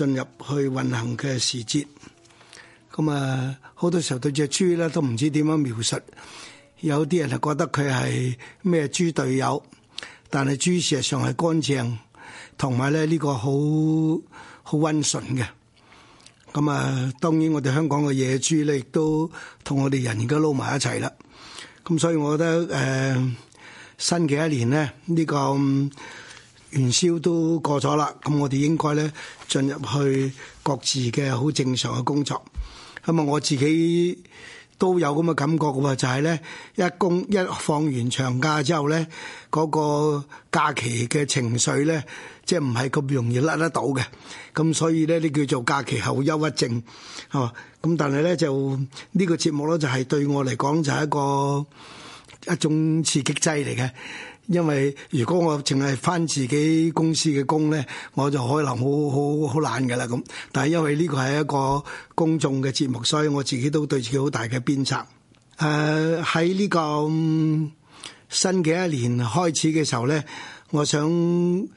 進入去運行嘅時節，咁啊好多時候對隻豬咧，都唔知點樣描述，有啲人係覺得佢係咩豬隊友，但係豬事實上係乾淨，同埋咧呢個好好温順嘅。咁啊，當然我哋香港嘅野豬咧亦都同我哋人而家撈埋一齊啦。咁所以我覺得誒，新嘅一年咧呢個。元宵都過咗啦，咁我哋應該咧進入去各自嘅好正常嘅工作。咁啊，我自己都有咁嘅感覺嘅喎，就係咧一工一放完長假之後咧，嗰個假期嘅情緒咧，即係唔係咁容易甩得到嘅。咁所以咧，呢叫做假期後憂鬱症，係嘛？咁但係咧，就呢個節目咧，就係對我嚟講就係一個一種刺激劑嚟嘅。因為如果我淨係翻自己公司嘅工咧，我就可能好好好懶㗎喇咁。但係因為呢個係一個公眾嘅節目，所以我自己都對自己好大嘅鞭策。誒喺呢個、嗯、新嘅一年開始嘅時候咧，我想搵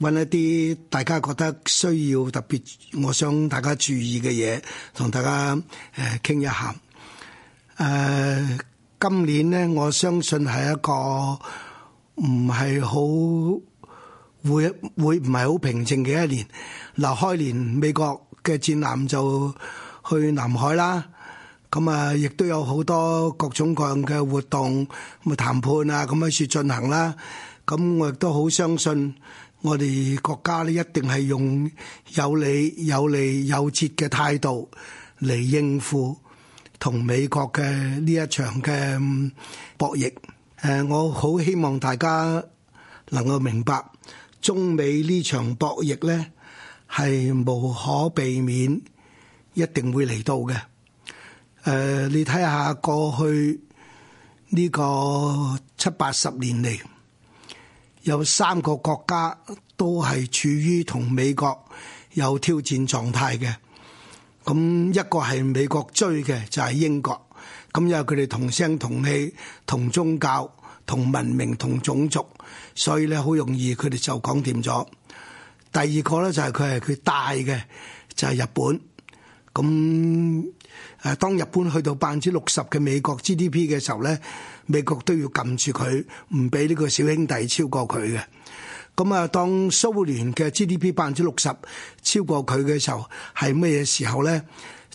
一啲大家覺得需要特別，我想大家注意嘅嘢，同大家誒傾、呃、一下。誒、呃、今年咧，我相信係一個，唔係好會會唔係好平靜嘅一年。嗱，開年美國嘅戰艦就去南海啦，咁啊，亦都有好多各種各樣嘅活動，咪談判啊咁樣去進行啦。咁我亦都好相信，我哋國家咧一定係用有理有利有節嘅態度嚟應付同美國嘅呢一場嘅博弈。誒，我好希望大家能夠明白中美呢場博弈咧，係無可避免，一定會嚟到嘅。誒、呃，你睇下過去呢個七八十年嚟，有三個國家都係處於同美國有挑戰狀態嘅。咁、嗯、一個係美國追嘅就係、是、英國。咁因為佢哋同聲同氣、同宗教、同文明、同種族，所以咧好容易佢哋就講掂咗。第二個咧就係佢係佢大嘅，就係日本。咁誒，當日本去到百分之六十嘅美國 GDP 嘅時候咧，美國都要撳住佢，唔俾呢個小兄弟超過佢嘅。咁啊，當蘇聯嘅 GDP 百分之六十超過佢嘅時候，係乜嘢時候咧？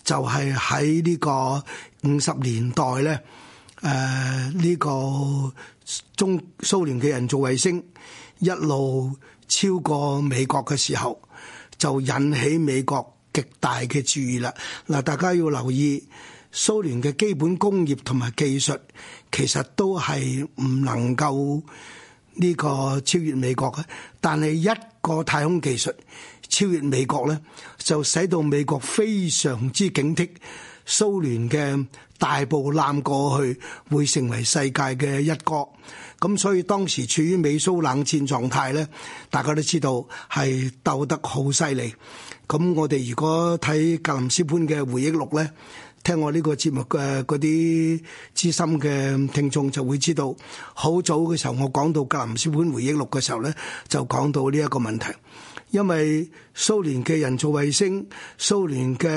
就係喺呢個五十年代咧，誒呢個中蘇聯嘅人造衛星，一路超過美國嘅時候，就引起美國極大嘅注意啦。嗱，大家要留意蘇聯嘅基本工業同埋技術，其實都係唔能夠呢個超越美國嘅，但係一個太空技術，超越美國咧，就使到美國非常之警惕蘇聯嘅大步攬過去，會成為世界嘅一哥。咁所以當時處於美蘇冷戰狀態咧，大家都知道係鬥得好犀利。咁我哋如果睇格林斯潘嘅回憶錄咧，聽我呢個節目嘅嗰啲資深嘅聽眾就會知道，好早嘅時候我講到格林斯潘回憶錄嘅時候咧，就講到呢一個問題。因為蘇聯嘅人造衛星、蘇聯嘅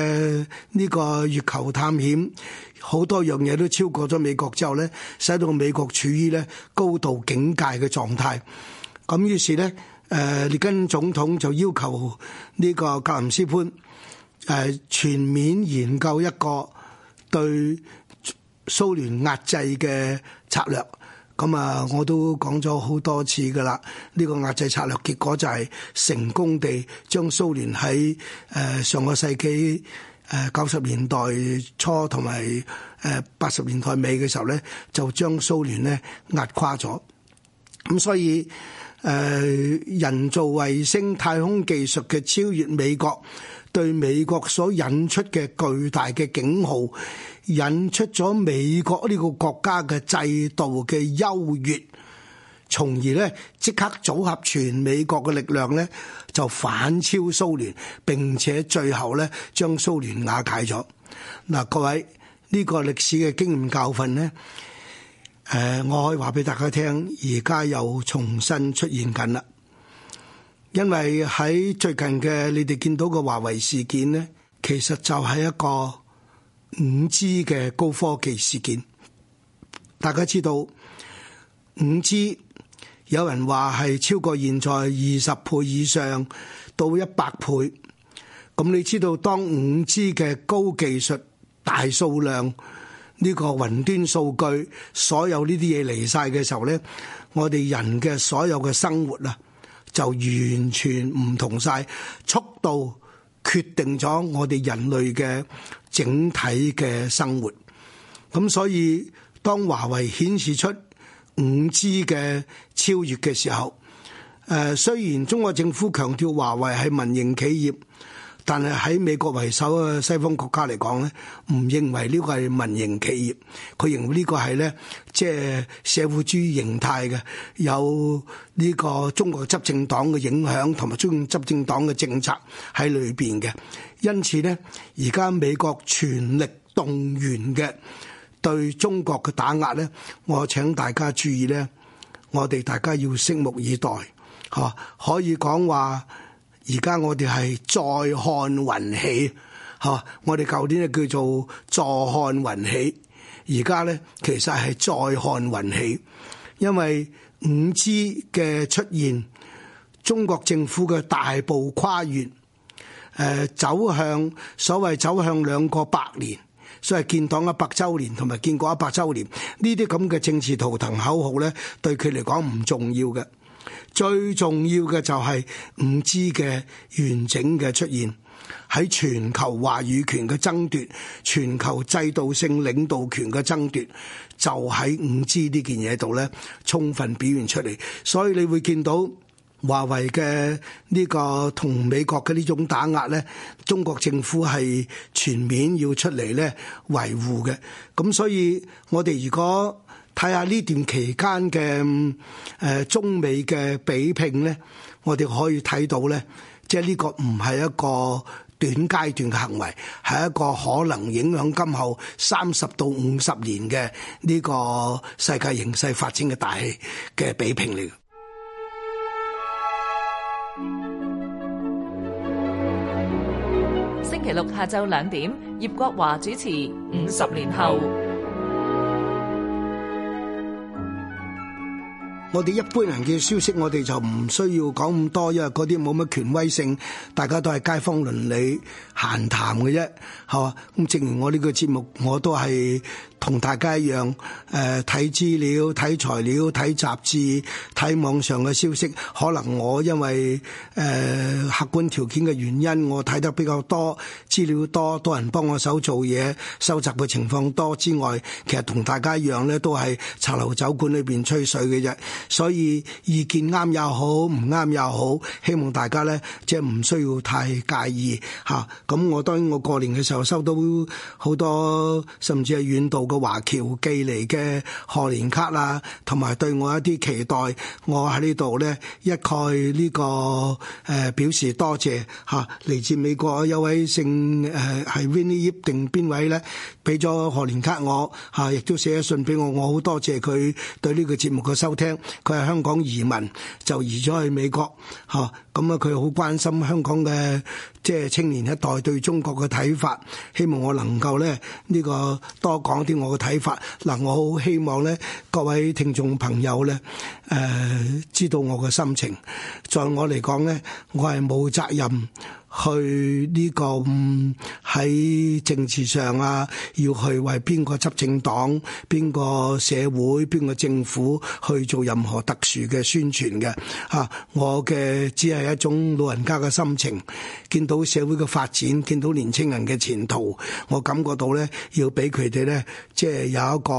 呢個月球探險，好多樣嘢都超過咗美國之後咧，使到美國處於咧高度警戒嘅狀態。咁於是咧，誒列根總統就要求呢個格林斯潘誒全面研究一個對蘇聯壓制嘅策略。咁啊，我都講咗好多次㗎喇，呢、這個壓制策略結果就係成功地將蘇聯喺誒、呃、上個世紀誒九十年代初同埋誒八十年代尾嘅時候咧，就將蘇聯咧壓垮咗。咁所以誒、呃、人造衛星太空技術嘅超越美國，對美國所引出嘅巨大嘅警號。引出咗美國呢個國家嘅制度嘅優越，從而呢即刻組合全美國嘅力量呢，就反超蘇聯，並且最後呢將蘇聯瓦解咗。嗱，各位呢個歷史嘅經驗教訓呢，誒，我可以話俾大家聽，而家又重新出現緊啦。因為喺最近嘅你哋見到嘅華為事件呢，其實就係一個。五 G 嘅高科技事件，大家知道五 G 有人話係超過現在二十倍以上到一百倍。咁你知道當五 G 嘅高技術，大數量呢個雲端數據，所有呢啲嘢嚟晒嘅時候咧，我哋人嘅所有嘅生活啊，就完全唔同晒速度，決定咗我哋人類嘅整體嘅生活，咁所以當華為顯示出五 G 嘅超越嘅時候，誒，雖然中國政府強調華為係民營企業。但係喺美國為首嘅西方國家嚟講咧，唔認為呢個係民營企業，佢認為呢個係咧即係社會主義形態嘅，有呢個中國執政黨嘅影響同埋中共執政黨嘅政策喺裏邊嘅。因此咧，而家美國全力動員嘅對中國嘅打壓咧，我請大家注意咧，我哋大家要拭目以待，嚇可以講話。而家我哋係坐看雲起。嚇！我哋舊年咧叫做「坐看雲起」，而家呢，其實係坐看雲起。因為五 G 嘅出現，中國政府嘅大步跨越，誒走向所謂走向兩個百年，所謂建黨一百周年同埋建國一百周年呢啲咁嘅政治圖騰口號呢，對佢嚟講唔重要嘅。最重要嘅就係五 G 嘅完整嘅出現，喺全球話語權嘅爭奪、全球制度性領導權嘅爭奪，就喺五 G 呢件嘢度咧，充分表現出嚟。所以你會見到華為嘅呢個同美國嘅呢種打壓咧，中國政府係全面要出嚟咧維護嘅。咁所以我哋如果，睇下呢段期間嘅誒中美嘅比拼咧，我哋可以睇到咧，即係呢個唔係一個短階段嘅行為，係一個可能影響今後三十到五十年嘅呢個世界形勢發展嘅大嘅比拼嚟嘅。星期六下晝兩點，葉國華主持《五十年後》。我哋一般人嘅消息，我哋就唔需要講咁多，因為嗰啲冇乜權威性，大家都係街坊鄰里閒談嘅啫，係嘛？咁正如我呢個節目，我都係。同大家一樣，誒睇資料、睇材料、睇雜誌、睇網上嘅消息。可能我因為誒、呃、客觀條件嘅原因，我睇得比較多資料多，多人幫我手做嘢、收集嘅情況多之外，其實同大家一樣咧，都係茶樓酒館裏邊吹水嘅啫。所以意見啱又好，唔啱又好，希望大家咧即係唔需要太介意吓，咁、啊、我當然我過年嘅時候收到好多甚至係遠道。個華僑寄嚟嘅賀年卡啦，同埋對我一啲期待，我喺呢度咧一概呢個誒表示多謝吓。嚟、啊、自美國有位姓誒係、啊、Winnie Yip 定邊位咧，俾咗賀年卡我吓，亦都寫咗信俾我，我好多謝佢對呢個節目嘅收聽。佢係香港移民，就移咗去美國吓。啊咁啊，佢好關心香港嘅即係青年一代對中國嘅睇法，希望我能夠咧呢個多講啲我嘅睇法。嗱，我好希望咧各位聽眾朋友咧誒知道我嘅心情。在我嚟講咧，我係冇責任。去呢個喺，嗯，政治上啊，要去為邊個執政黨、邊個社會、邊個政府去做任何特殊嘅宣傳嘅嚇，我嘅只係一種老人家嘅心情。見到社會嘅發展，見到年青人嘅前途，我感覺到咧，要俾佢哋咧，即係有一個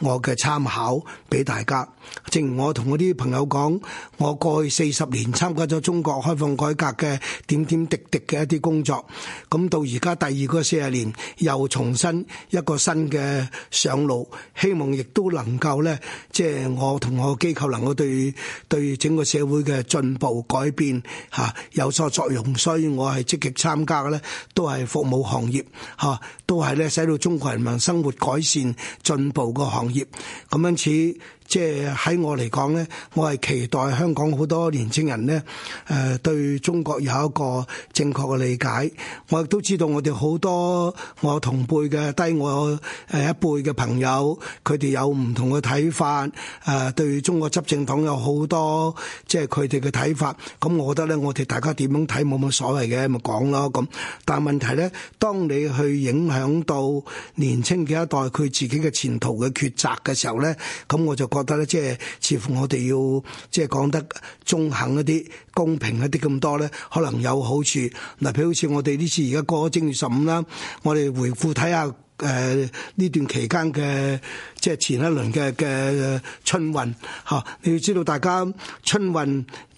我嘅參考俾大家。正如我同我啲朋友講，我過去四十年參加咗中國開放改革嘅點點滴滴嘅一啲工作，咁到而家第二個四十年又重新一個新嘅上路，希望亦都能夠呢，即係我同我機構能夠對對整個社會嘅進步改變吓有所作用，所以我係積極參加嘅呢，都係服務行業吓，都係呢使到中國人民生活改善進步個行業，咁樣似。即係喺我嚟講咧，我係期待香港好多年青人咧，誒對中國有一個正確嘅理解。我亦都知道我哋好多我同輩嘅低我誒一輩嘅朋友，佢哋有唔同嘅睇法，誒對中國執政黨有好多即係佢哋嘅睇法。咁我覺得咧，我哋大家點樣睇冇乜所謂嘅，咪講咯咁。但係問題咧，當你去影響到年青嘅一代佢自己嘅前途嘅抉擇嘅時候咧，咁我就。覺得咧，即係似乎我哋要即係講得中肯一啲、公平一啲咁多咧，可能有好處。嗱，譬如好似我哋呢次而家過咗正月十五啦，我哋回顧睇下誒呢、呃、段期間嘅即係前一輪嘅嘅春運嚇。你要知道大家春運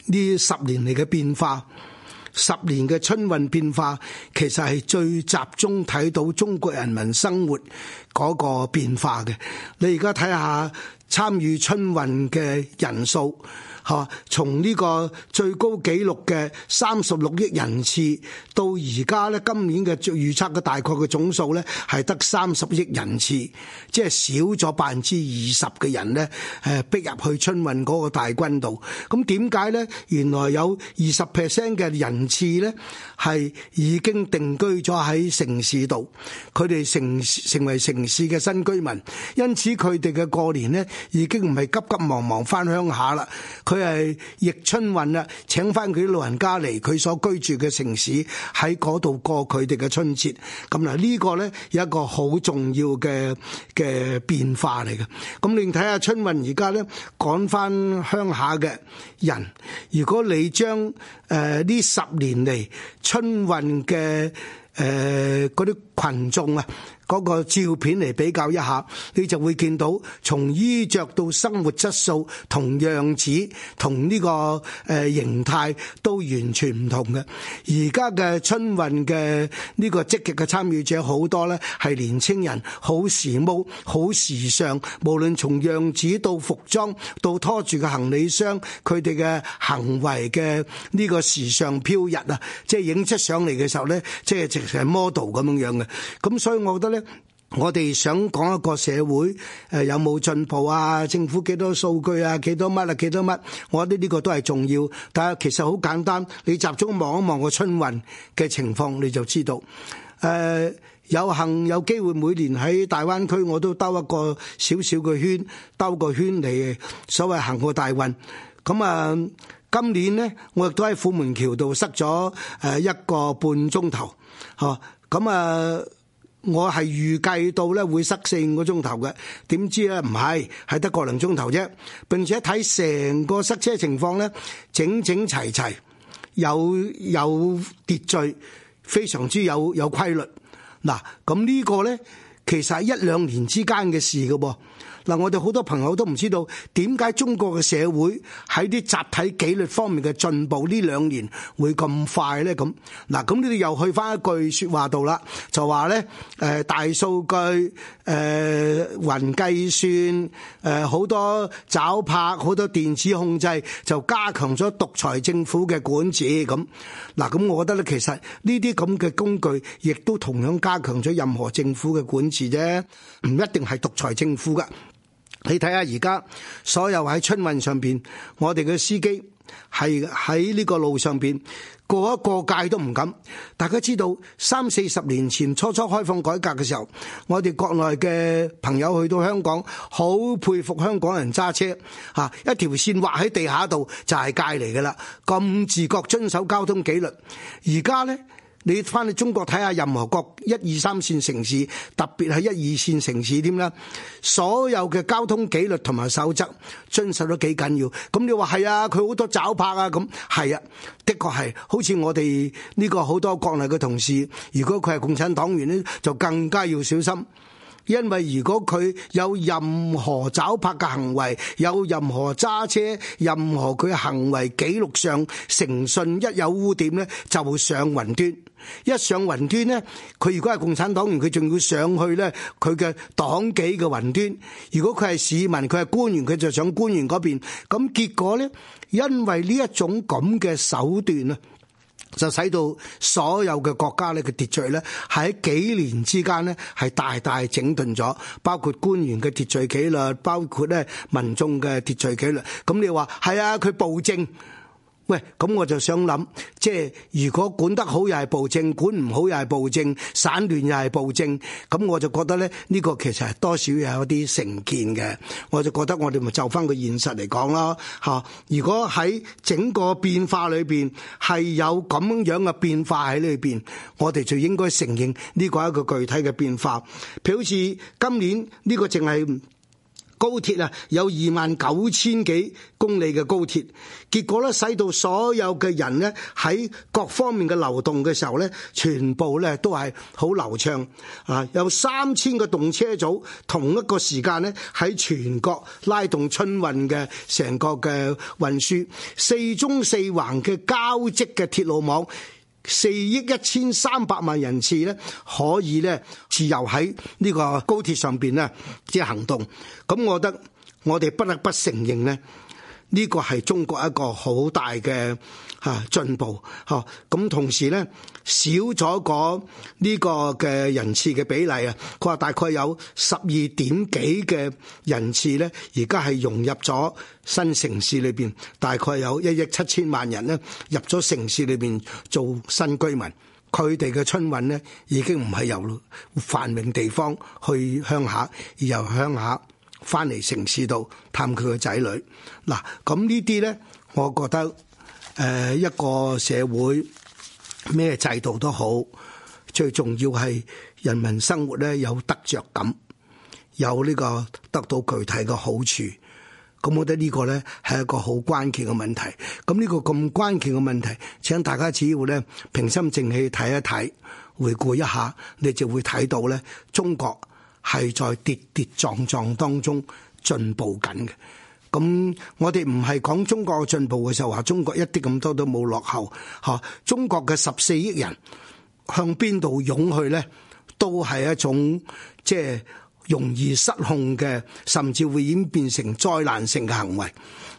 呢十年嚟嘅變化，十年嘅春運變化其實係最集中睇到中國人民生活嗰個變化嘅。你而家睇下。參與春運嘅人數。嚇！從呢個最高紀錄嘅三十六億人次，到而家咧，今年嘅預測嘅大概嘅總數咧，係得三十億人次，即係少咗百分之二十嘅人咧，誒，逼入去春運個大軍度。咁點解咧？原來有二十 percent 嘅人次咧，係已經定居咗喺城市度，佢哋成成為城市嘅新居民，因此佢哋嘅過年咧，已經唔係急急忙忙翻鄉下啦，佢。係迎春運啦，請翻佢啲老人家嚟佢所居住嘅城市，喺嗰度過佢哋嘅春節。咁嗱，呢個咧有一個好重要嘅嘅變化嚟嘅。咁你睇下春運而家咧趕翻鄉下嘅人。如果你將誒呢十年嚟春運嘅誒嗰啲群眾啊。嗰個照片嚟比較一下，你就會見到從衣着到生活質素，同樣子，同呢個誒形態都完全唔同嘅。而家嘅春運嘅呢個積極嘅參與者好多咧，係年青人，好時髦、好時尚，無論從樣子到服裝到拖住個行李箱，佢哋嘅行為嘅呢個時尚飄逸啊，即係影出上嚟嘅時候咧，即係直情係 model 咁樣樣嘅。咁所以，我覺得咧。我哋想講一個社會誒有冇進步啊？政府幾多數據啊？幾多乜啊？幾多乜？我覺得呢個都係重要，但係其實好簡單，你集中望一望個春運嘅情況，你就知道。誒，有幸有機會每年喺大灣區，我都兜一個少少嘅圈，兜個圈嚟，所謂行過大運。咁啊，今年呢，我亦都喺虎門橋度塞咗誒一個半鐘頭。嗬，咁啊。我係預計到咧會塞四五個鐘頭嘅，點知咧唔係，係得個零鐘頭啫，並且睇成個塞車情況咧，整整齊齊，有有秩序，非常之有有規律。嗱，咁呢個咧，其實係一兩年之間嘅事㗎噃。嗱，我哋好多朋友都唔知道點解中國嘅社會喺啲集體紀律方面嘅進步呢兩年會咁快呢？咁嗱，咁你哋又去翻一句説話度啦，就話呢，誒、呃、大數據、誒雲計算、誒、呃、好多抓拍、好多電子控制，就加強咗獨裁政府嘅管治咁。嗱，咁我覺得咧，其實呢啲咁嘅工具，亦都同樣加強咗任何政府嘅管治啫，唔一定係獨裁政府㗎。你睇下而家所有喺春運上邊，我哋嘅司機係喺呢個路上邊過一個界都唔敢。大家知道三四十年前初初開放改革嘅時候，我哋國內嘅朋友去到香港，好佩服香港人揸車嚇，一條線劃喺地下度就係界嚟噶啦，咁自覺遵守交通紀律。而家呢。你翻去中國睇下，任何國一二三線城市，特別係一二線城市添啦，所有嘅交通紀律同埋守則遵守得幾緊要。咁你話係啊，佢好多爪拍啊咁，係啊，的確係。好似我哋呢個好多國內嘅同事，如果佢係共產黨員咧，就更加要小心。因為如果佢有任何抓拍嘅行為，有任何揸車，任何佢行為記錄上誠信一有污點呢，就會上雲端。一上雲端呢，佢如果係共產黨員，佢仲要上去呢，佢嘅黨紀嘅雲端；如果佢係市民，佢係官員，佢就上官員嗰邊。咁結果呢，因為呢一種咁嘅手段啊。就使到所有嘅國家咧，嘅秩序咧喺幾年之間咧，係大大整頓咗，包括官員嘅秩序紀律，包括咧民眾嘅秩序紀律。咁你話係啊？佢暴政。喂，咁我就想諗，即係如果管得好又係暴政，管唔好又係暴政，散亂又係暴政，咁我就覺得咧，呢個其實係多少有啲成見嘅。我就覺得我哋咪就翻個現實嚟講咯，嚇！如果喺整個變化裏邊係有咁樣嘅變化喺裏邊，我哋就應該承認呢個係一個具體嘅變化。譬如好似今年呢個淨係，高鐵啊，有二萬九千幾公里嘅高鐵，結果咧，使到所有嘅人咧喺各方面嘅流動嘅時候咧，全部咧都係好流暢啊！有三千個動車組同一個時間咧喺全國拉動春運嘅成個嘅運輸，四縱四橫嘅交織嘅鐵路網。四億一千三百萬人次咧，可以咧自由喺呢個高鐵上邊咧，即係行動。咁我覺得我哋不得不承認咧。呢個係中國一個好大嘅嚇進步，嗬！咁同時呢，少咗個呢個嘅人次嘅比例啊，佢話大概有十二點幾嘅人次呢，而家係融入咗新城市裏邊，大概有一億七千萬人呢入咗城市裏邊做新居民，佢哋嘅春運呢，已經唔係由繁榮地方去鄉下，而由鄉下。翻嚟城市度探佢個仔女，嗱咁呢啲咧，我覺得誒一個社會咩制度都好，最重要係人民生活咧有得著感，有呢個得到具體嘅好處。咁我覺得呢個咧係一個好關鍵嘅問題。咁呢個咁關鍵嘅問題，請大家只要咧平心靜氣睇一睇，回顧一下，你就會睇到咧中國。係在跌跌撞撞當中進步緊嘅，咁我哋唔係講中國嘅進步嘅時候話中國一啲咁多都冇落後，吓、嗯、中國嘅十四億人向邊度湧去咧，都係一種即係。就是容易失控嘅，甚至會演變成災難性嘅行為。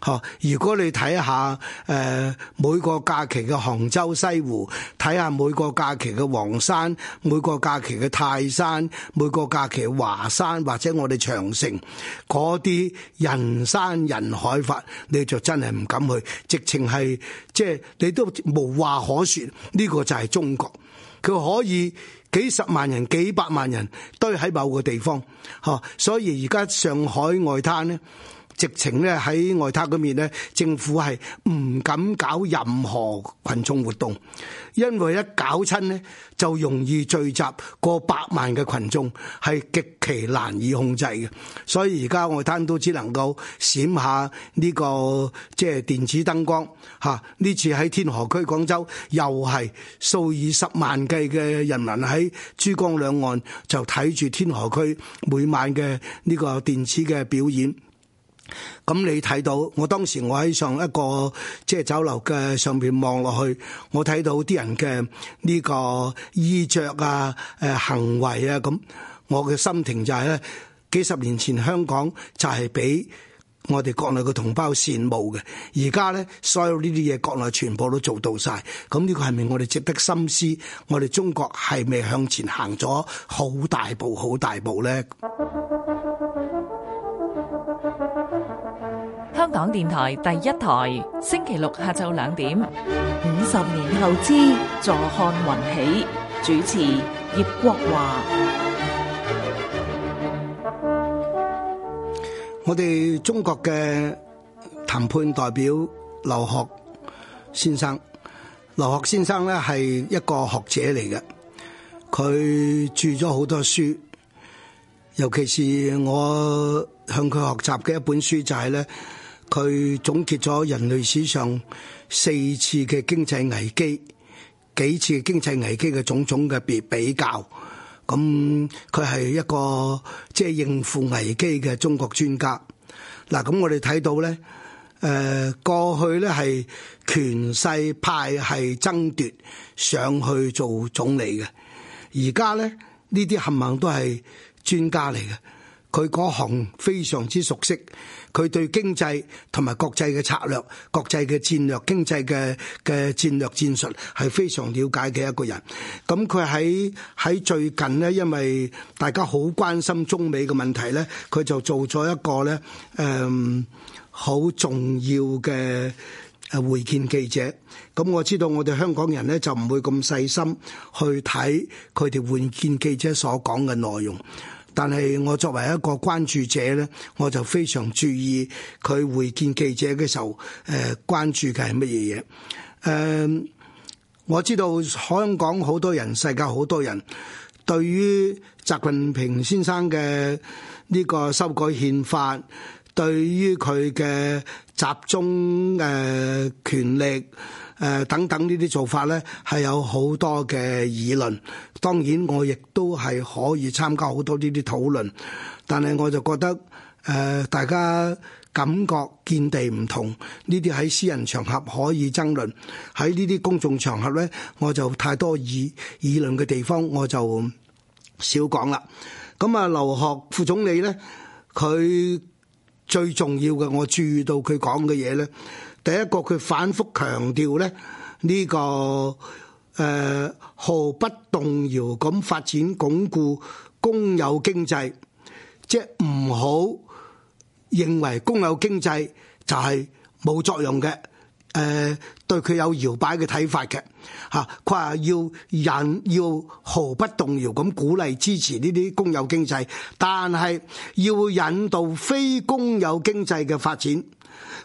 吓，如果你睇下，誒、呃，每個假期嘅杭州西湖，睇下每個假期嘅黃山，每個假期嘅泰山，每個假期華山或者我哋長城，嗰啲人山人海法，你就真係唔敢去，直情係即係你都無話可說。呢、這個就係中國，佢可以。幾十萬人、幾百萬人堆喺某個地方，呵，所以而家上海外灘呢。直情咧喺外灘嗰面咧，政府係唔敢搞任何群眾活動，因為一搞親咧就容易聚集過百萬嘅群眾，係極其難以控制嘅。所以而家外灘都只能夠閃下呢，這個即係電子燈光吓。呢、啊、次喺天河區廣州又係數以十萬計嘅人民喺珠江兩岸就睇住天河區每晚嘅呢個電子嘅表演。咁你睇到，我當時我喺上一個即係酒樓嘅上邊望落去，我睇到啲人嘅呢個衣着啊、誒、呃、行為啊，咁我嘅心情就係、是、咧，幾十年前香港就係俾我哋國內嘅同胞羨慕嘅，而家咧所有呢啲嘢國內全部都做到晒，咁呢個係咪我哋值得深思？我哋中國係咪向前行咗好大步、好大步咧？港電台第一台，星期六下晝兩點。五十年後之，坐看雲起。主持葉國華。我哋中國嘅談判代表劉鶴先生，劉鶴先生咧係一個學者嚟嘅，佢著咗好多書，尤其是我向佢學習嘅一本書就係、是、咧。佢總結咗人類史上四次嘅經濟危機，幾次經濟危機嘅種種嘅比比較，咁佢係一個即係、就是、應付危機嘅中國專家。嗱，咁我哋睇到咧，誒，過去咧係權勢派系爭奪上去做總理嘅，而家咧呢啲冚唪唥都係專家嚟嘅。佢嗰行非常之熟悉，佢對經濟同埋國際嘅策略、國際嘅戰略、經濟嘅嘅戰略戰術係非常瞭解嘅一個人。咁佢喺喺最近咧，因為大家好關心中美嘅問題咧，佢就做咗一個咧誒好重要嘅誒會見記者。咁我知道我哋香港人咧就唔會咁細心去睇佢哋會見記者所講嘅內容。但係我作為一個關注者咧，我就非常注意佢會見記者嘅時候，誒、呃、關注嘅係乜嘢嘢？誒、呃，我知道香港好多人，世界好多人，對於習近平先生嘅呢個修改憲法，對於佢嘅集中誒、呃、權力。誒、等等呢啲做法呢，係有好多嘅議論，當然我亦都係可以參加好多呢啲討論，但係我就覺得誒、呃、大家感覺見地唔同，呢啲喺私人場合可以爭論，喺呢啲公眾場合呢，我就太多議議論嘅地方我就少講啦。咁、嗯、啊，劉鶴副總理呢，佢最重要嘅我注意到佢講嘅嘢呢。第一個佢反覆強調咧，呢、這個誒、呃、毫不動搖咁發展鞏固公有經濟，即係唔好認為公有經濟就係冇作用嘅，誒、呃、對佢有搖擺嘅睇法嘅嚇，佢話要引要毫不動搖咁鼓勵支持呢啲公有經濟，但係要引導非公有經濟嘅發展。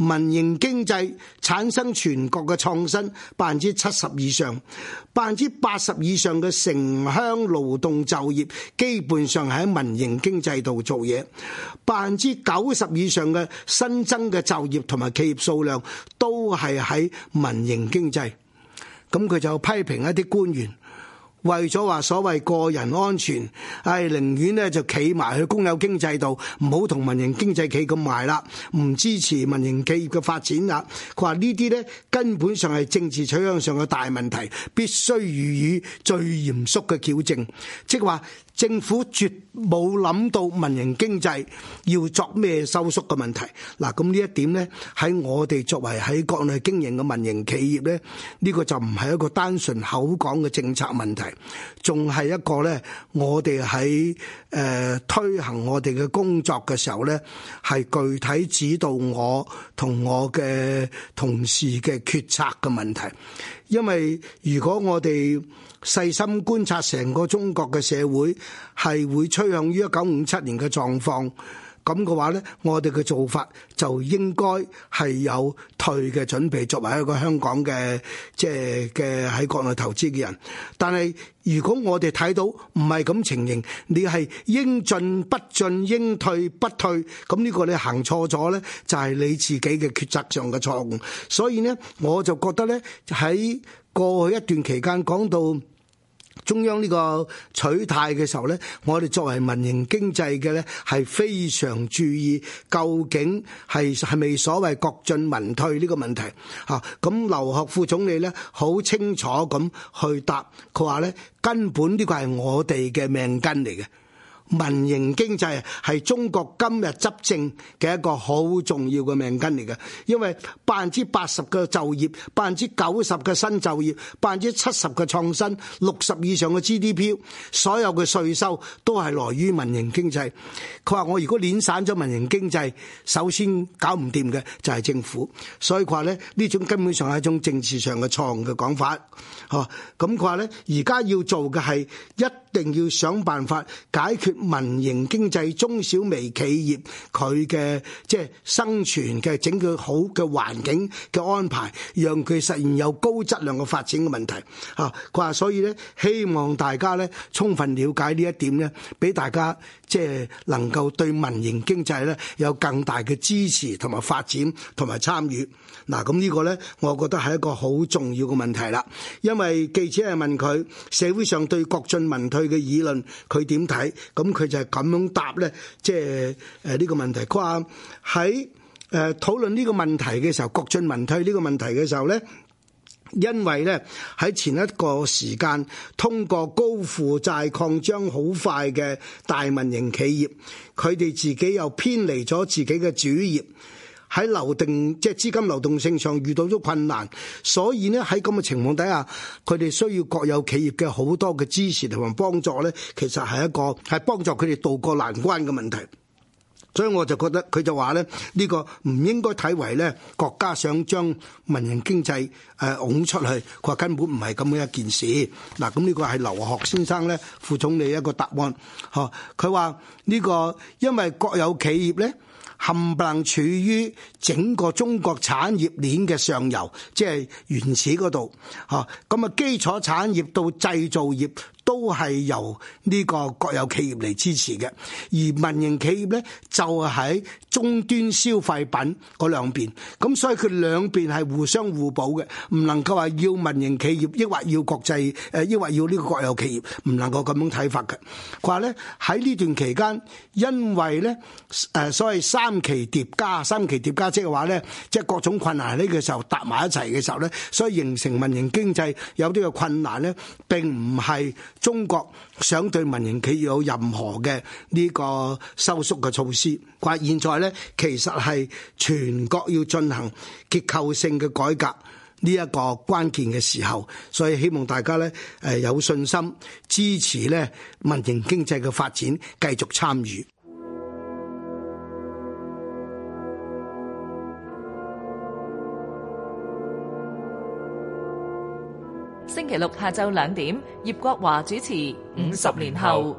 民營經濟產生全國嘅創新百分之七十以上，百分之八十以上嘅城鄉勞動就業基本上係喺民營經濟度做嘢，百分之九十以上嘅新增嘅就業同埋企業數量都係喺民營經濟。咁佢就批評一啲官員。為咗話所謂個人安全，係寧願咧就企埋去公有經濟度，唔好同民營經濟企咁埋啦，唔支持民營企業嘅發展啦，佢話呢啲咧根本上係政治取向上嘅大問題，必須予以最嚴肅嘅矯正，即係話。政府絕冇諗到民營經濟要作咩收縮嘅問題。嗱，咁呢一點咧，喺我哋作為喺國內經營嘅民營企業咧，呢個就唔係一個單純口講嘅政策問題，仲係一個咧，我哋喺誒推行我哋嘅工作嘅時候咧，係具體指導我同我嘅同事嘅決策嘅問題。因為如果我哋細心觀察成個中國嘅社會，係會趨向於一九五七年嘅狀況。咁嘅話咧，我哋嘅做法就應該係有退嘅準備，作為一個香港嘅即係嘅喺國內投資嘅人。但係如果我哋睇到唔係咁情形，你係應進不進，應退不退，咁呢個你行錯咗咧，就係你自己嘅決策上嘅錯誤。所以咧，我就覺得咧喺過去一段期間講到。中央呢個取態嘅時候咧，我哋作為民營經濟嘅咧，係非常注意究竟係係咪所謂國進民退呢個問題吓。咁、啊、劉鶴副總理咧，好清楚咁去答，佢話咧，根本呢個係我哋嘅命根嚟嘅。民營經濟係中國今日執政嘅一個好重要嘅命根嚟嘅，因為百分之八十嘅就業，百分之九十嘅新就業，百分之七十嘅創新、六十以上嘅 GDP，所有嘅稅收都係來於民營經濟。佢話我如果攣散咗民營經濟，首先搞唔掂嘅就係政府。所以佢話咧，呢種根本上係一種政治上嘅錯誤嘅講法。嗬，咁佢話咧，而家要做嘅係一定要想辦法解決。民營經濟中小微企業佢嘅即係生存嘅整個好嘅環境嘅安排，讓佢實現有高質量嘅發展嘅問題。吓，佢話所以咧，希望大家咧充分了解呢一點咧，俾大家即係能夠對民營經濟咧有更大嘅支持同埋發展同埋參與。嗱，咁呢個咧，我覺得係一個好重要嘅問題啦。因為記者係問佢社會上對國進民退嘅議論，佢點睇？咁佢、嗯、就係咁樣答咧，即係誒呢個問題。佢話喺誒討論呢個問題嘅時候，國進民退呢個問題嘅時候咧，因為咧喺前一個時間通過高負債擴張好快嘅大民營企業，佢哋自己又偏離咗自己嘅主業。喺流定即係資金流動性上遇到咗困難，所以呢，喺咁嘅情況底下，佢哋需要國有企業嘅好多嘅支持同埋幫助呢，其實係一個係幫助佢哋渡過難關嘅問題。所以我就覺得佢就話呢，呢個唔應該睇為咧國家想將民營經濟誒出去，佢話根本唔係咁樣一件事。嗱，咁呢個係劉鶴先生呢，副總理一個答案，嗬？佢話呢個因為國有企業呢。冚唪唥處於整個中國產業鏈嘅上游，即係原始嗰度，吓、啊，咁啊基礎產業到製造業。都係由呢個國有企業嚟支持嘅，而民營企業呢，就喺終端消費品嗰兩邊，咁所以佢兩邊係互相互補嘅，唔能夠話要民營企業，抑或要國際，誒，抑或要呢個國有企業，唔能夠咁樣睇法嘅。佢話呢，喺呢段期間，因為呢誒，所謂三期疊加，三期疊加即係話呢，即係各種困難呢個時候搭埋一齊嘅時候呢，所以形成民營經濟有呢個困難呢，並唔係。中國想對民營企業有任何嘅呢個收縮嘅措施，佢話現在咧其實係全國要進行結構性嘅改革呢一個關鍵嘅時候，所以希望大家咧誒有信心支持咧民營經濟嘅發展，繼續參與。星期六下晝兩點，葉國華主持《五十年後》。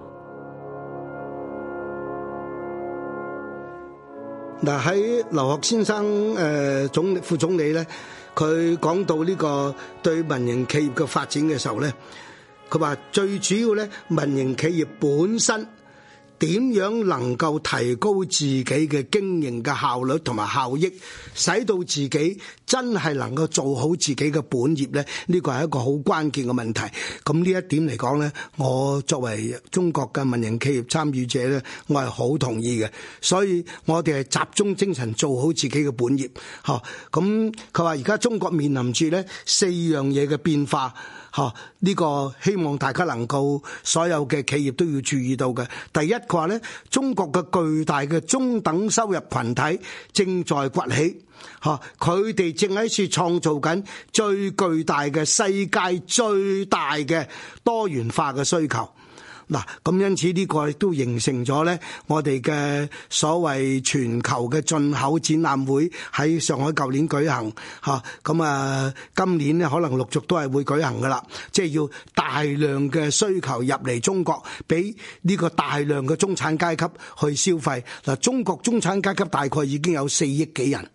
嗱喺劉學先生誒，總理副總理咧，佢講到呢個對民營企業嘅發展嘅時候咧，佢話最主要咧，民營企業本身。點樣能夠提高自己嘅經營嘅效率同埋效益，使到自己真係能夠做好自己嘅本業呢？呢個係一個好關鍵嘅問題。咁呢一點嚟講呢，我作為中國嘅民營企業參與者呢，我係好同意嘅。所以，我哋係集中精神做好自己嘅本業。嚇，咁佢話而家中國面臨住呢四樣嘢嘅變化。吓，呢個希望大家能夠所有嘅企業都要注意到嘅。第一個話咧，中國嘅巨大嘅中等收入群體正在崛起，吓，佢哋正喺處創造緊最巨大嘅世界最大嘅多元化嘅需求。嗱，咁因此呢個亦都形成咗呢，我哋嘅所謂全球嘅進口展覽會喺上海舊年舉行，嚇，咁啊，今年呢可能陸續都係會舉行噶啦，即係要大量嘅需求入嚟中國，俾呢個大量嘅中產階級去消費。嗱，中國中產階級大概已經有四億幾人，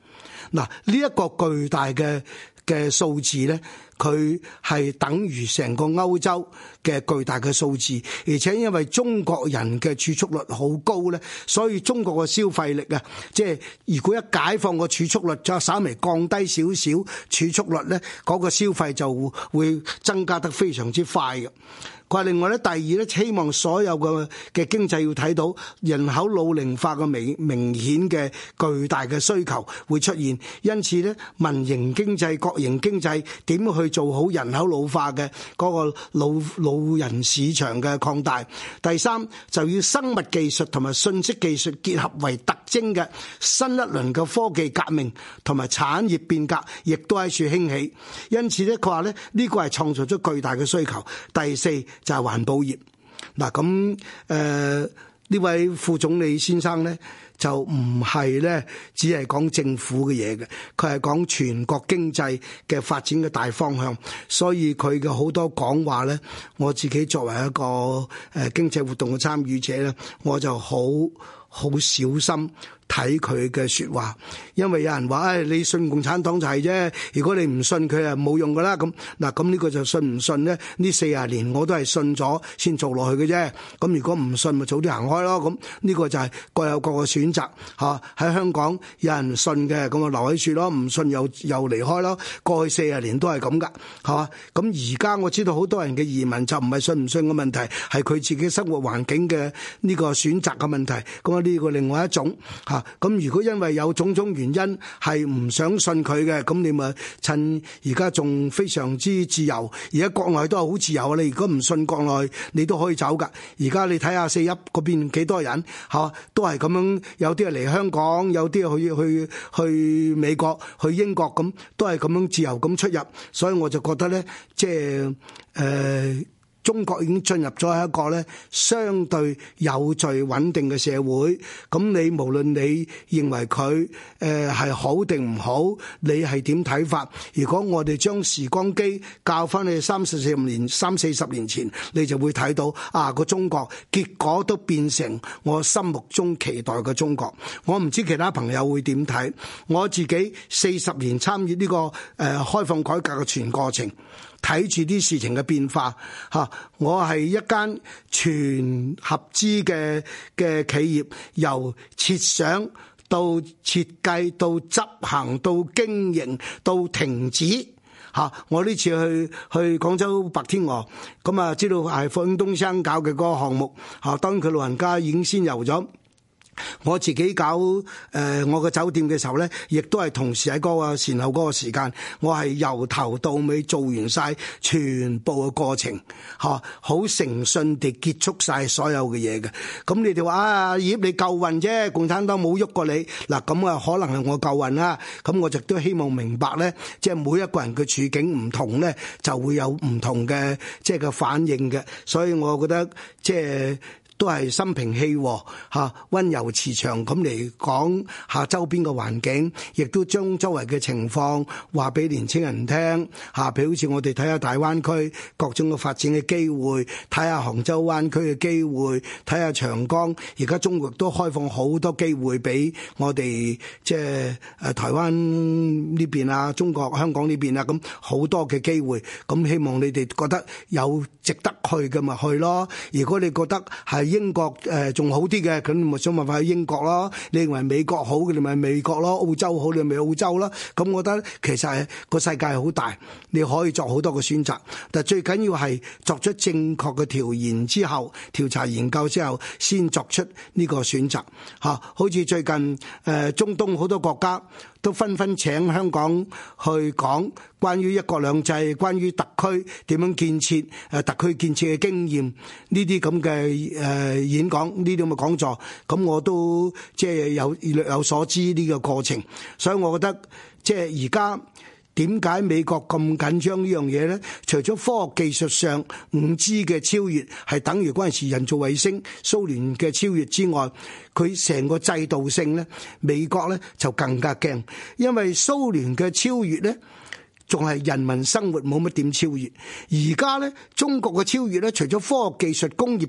嗱，呢一個巨大嘅嘅數字呢。佢係等於成個歐洲嘅巨大嘅數字，而且因為中國人嘅儲蓄率好高咧，所以中國嘅消費力啊，即係如果一解放個儲蓄率再稍微降低少少儲蓄率咧，嗰個消費就會增加得非常之快嘅。佢話另外咧，第二咧，希望所有嘅嘅經濟要睇到人口老齡化嘅明明顯嘅巨大嘅需求會出現，因此咧，民營經濟、國營經濟點去？做好人口老化嘅嗰個老老人市場嘅擴大。第三就要生物技術同埋信息技術結合為特徵嘅新一輪嘅科技革命同埋產業變革，亦都喺處興起。因此咧，佢話咧呢個係創造咗巨大嘅需求。第四就係環保業，嗱咁誒。呃呢位副總理先生咧，就唔係咧，只係講政府嘅嘢嘅，佢係講全國經濟嘅發展嘅大方向，所以佢嘅好多講話咧，我自己作為一個誒經濟活動嘅參與者咧，我就好好小心。睇佢嘅説話，因為有人話誒，你信共產黨就係啫。如果你唔信佢係，冇用噶啦。咁嗱，咁呢個就信唔信咧？呢四十年我都係信咗先做落去嘅啫。咁如果唔信，咪早啲行開咯。咁呢個就係各有各嘅選擇嚇。喺香港有人信嘅，咁啊留喺住咯；唔信又又離開咯。過去四十年都係咁噶，係嘛？咁而家我知道好多人嘅移民就唔係信唔信嘅問題，係佢自己生活環境嘅呢個選擇嘅問題。咁啊，呢個另外一種嚇。咁如果因為有種種原因係唔想信佢嘅，咁你咪趁而家仲非常之自由，而家國內都係好自由，你如果唔信國內，你都可以走㗎。而家你睇下四邑嗰邊幾多人，嚇都係咁樣，有啲係嚟香港，有啲係去去去美國、去英國咁，都係咁樣自由咁出入，所以我就覺得呢，即係誒。呃中國已經進入咗一個咧相對有序穩定嘅社會。咁你無論你認為佢誒係好定唔好，你係點睇法？如果我哋將時光機較返去三四、四五年、三四十年前，你就會睇到啊個中國結果都變成我心目中期待嘅中國。我唔知其他朋友會點睇。我自己四十年參與呢個誒開放改革嘅全過程。睇住啲事情嘅變化，嚇！我係一間全合資嘅嘅企業，由設想到設計到執行到經營到停止，嚇！我呢次去去廣州白天鵝，咁啊知道係霍東山搞嘅嗰個項目，嚇，當佢老人家已經仙遊咗。我自己搞誒、呃，我個酒店嘅時候咧，亦都係同時喺嗰個前後嗰個時間，我係由頭到尾做完晒全部嘅過程，吓、嗯、好誠信地結束晒所有嘅嘢嘅。咁、嗯、你哋話啊，葉你夠運啫，共產黨冇喐過你嗱，咁啊可能係我夠運啦。咁、嗯、我就都希望明白咧，即係每一個人嘅處境唔同咧，就會有唔同嘅即係個反應嘅。所以我覺得即係。都係心平氣和吓，溫柔慈祥咁嚟講下周邊嘅環境，亦都將周圍嘅情況話俾年青人聽吓，譬如好似我哋睇下大灣區各種嘅發展嘅機會，睇下杭州灣區嘅機會，睇下長江。而家中國都開放好多機會俾我哋，即係誒台灣呢邊啊，中國香港呢邊啊，咁好多嘅機會，咁希望你哋覺得有值得去嘅咪去咯。如果你覺得係。英國誒仲好啲嘅，咁咪想辦法去英國咯？你認為美國好，你咪美國咯？澳洲好，你咪澳洲咯？咁我覺得其實個世界好大，你可以作好多個選擇，但最緊要係作出正確嘅調研之後，調查研究之後，先作出呢個選擇嚇。好似最近誒、呃、中東好多國家，都紛紛請香港去講關於一國兩制、關於特區點樣建設、誒特區建設嘅經驗、呢啲咁嘅誒演講、呢啲咁嘅講座，咁我都即係有略有所知呢個過程，所以我覺得即係而家。點解美國咁緊張呢樣嘢，呢？除咗科學技術上五 G 嘅超越係等於嗰陣時人造衛星蘇聯嘅超越之外，佢成個制度性呢，美國呢就更加驚，因為蘇聯嘅超越呢，仲係人民生活冇乜點超越，而家呢，中國嘅超越呢，除咗科學技術工業。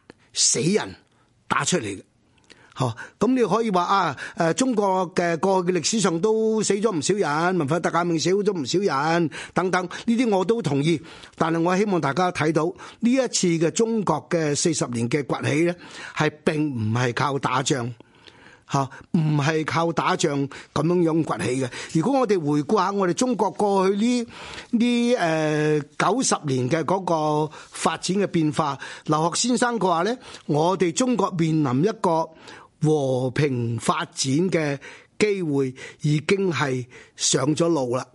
死人打出嚟嘅。吓，咁你可以話啊，誒，中國嘅過去嘅歷史上都死咗唔少人，文化大革命死咗唔少人等等，呢啲我都同意。但係我希望大家睇到呢一次嘅中國嘅四十年嘅崛起咧，係並唔係靠打仗。吓，唔係靠打仗咁樣樣崛起嘅。如果我哋回顧下我哋中國過去呢呢誒九十年嘅嗰個發展嘅變化，劉鶴先生嘅話呢，我哋中國面臨一個和平發展嘅機會，已經係上咗路啦。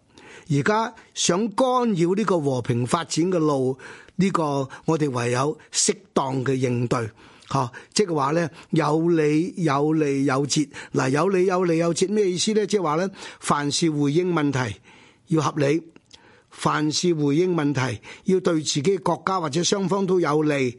而家想干擾呢個和平發展嘅路，呢、這個我哋唯有適當嘅應對。哦，即係話咧，有理有利有節。嗱，有理有利有節咩意思咧？即係話咧，凡事回應問題要合理，凡事回應問題要對自己嘅國家或者雙方都有利。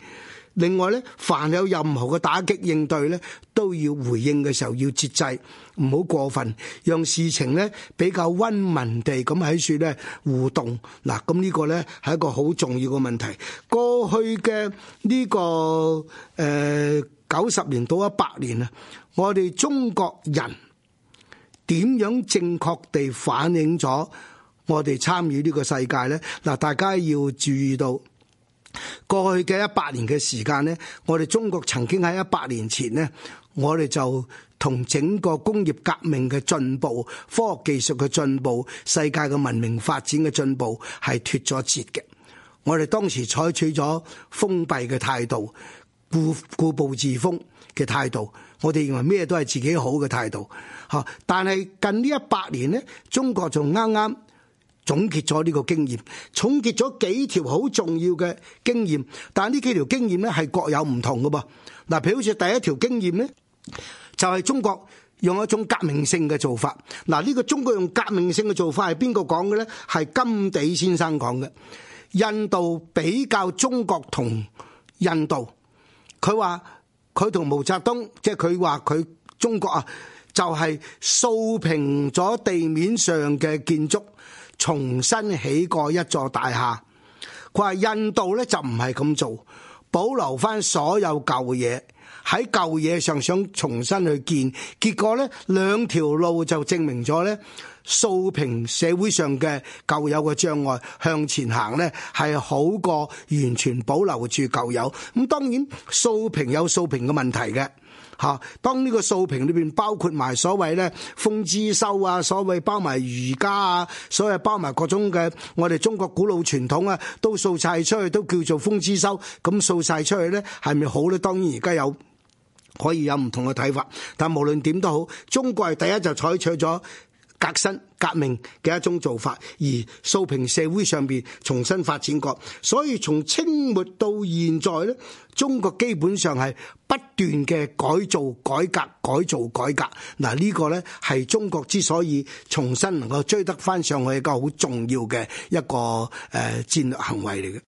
另外咧，凡有任何嘅打擊應對咧，都要回應嘅時候要節制，唔好過分，讓事情咧比較溫文地咁喺處咧互動。嗱，咁呢個咧係一個好重要嘅問題。過去嘅呢個誒九十年到一百年啊，我哋中國人點樣正確地反映咗我哋參與呢個世界咧？嗱，大家要注意到。過去嘅一百年嘅時間呢，我哋中國曾經喺一百年前呢，我哋就同整個工業革命嘅進步、科學技術嘅進步、世界嘅文明發展嘅進步係脫咗節嘅。我哋當時採取咗封閉嘅態度、固固步自封嘅態度，我哋認為咩都係自己好嘅態度吓。但係近呢一百年呢，中國就啱啱。總結咗呢個經驗，總結咗幾條好重要嘅經驗，但係呢幾條經驗咧係各有唔同㗎噃。嗱，譬如好似第一條經驗咧，就係中國用一種革命性嘅做法。嗱，呢個中國用革命性嘅做法係邊個講嘅咧？係金地先生講嘅。印度，比較中國同印度，佢話佢同毛澤東，即係佢話佢中國啊，就係掃平咗地面上嘅建築。重新起過一座大廈，佢話印度咧就唔係咁做，保留翻所有舊嘢，喺舊嘢上想重新去建，結果咧兩條路就證明咗咧，掃平社會上嘅舊有嘅障礙向前行咧係好過完全保留住舊有咁。當然掃平有掃平嘅問題嘅。吓，當呢個掃平裏邊包括埋所謂咧封資修啊，所謂包埋瑜伽啊，所謂包埋各種嘅我哋中國古老傳統啊，都掃晒出去，都叫做封資修。咁掃晒出去咧，係咪好咧？當然而家有可以有唔同嘅睇法，但無論點都好，中國係第一就採取咗革新。革命嘅一種做法，而掃平社會上面重新發展過，所以從清末到現在咧，中國基本上係不斷嘅改造、改革、改造、改革。嗱呢個咧係中國之所以重新能夠追得翻上去一個好重要嘅一個誒戰略行為嚟嘅。